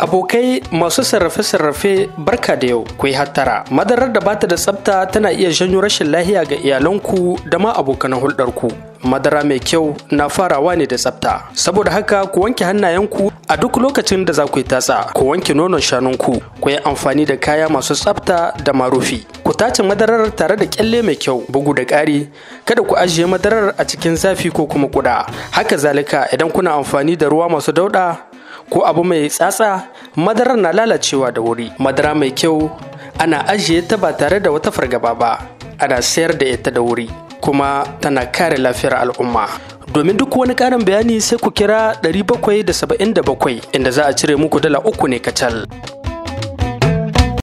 Abokai masu sarrafe-sarrafe barka da yau ku yi hattara. Madarar da bata da tsafta tana iya janyo rashin lahiya ga iyalanku da ma abokan hulɗarku. Madara mai kyau na farawa ne da tsafta. Saboda haka ku wanke hannayenku a duk lokacin da za ku yi tatsa, ku wanke nonon shanunku, ku yi amfani da kaya masu tsafta da marufi. Ku tace madarar tare da kyalle mai kyau bugu da ƙari, kada ku ajiye madarar a cikin zafi ko kuma kuda. Haka zalika idan kuna amfani da ruwa masu dauɗa ko abu mai tsatsa madarar na lalacewa da wuri madara mai kyau ana ajiye ta ba tare da wata fargaba ba ana sayar da ita da wuri kuma tana kare lafiyar al'umma domin duk wani ƙarin bayani sai ku kira 777 inda za a cire muku dala uku ne kacal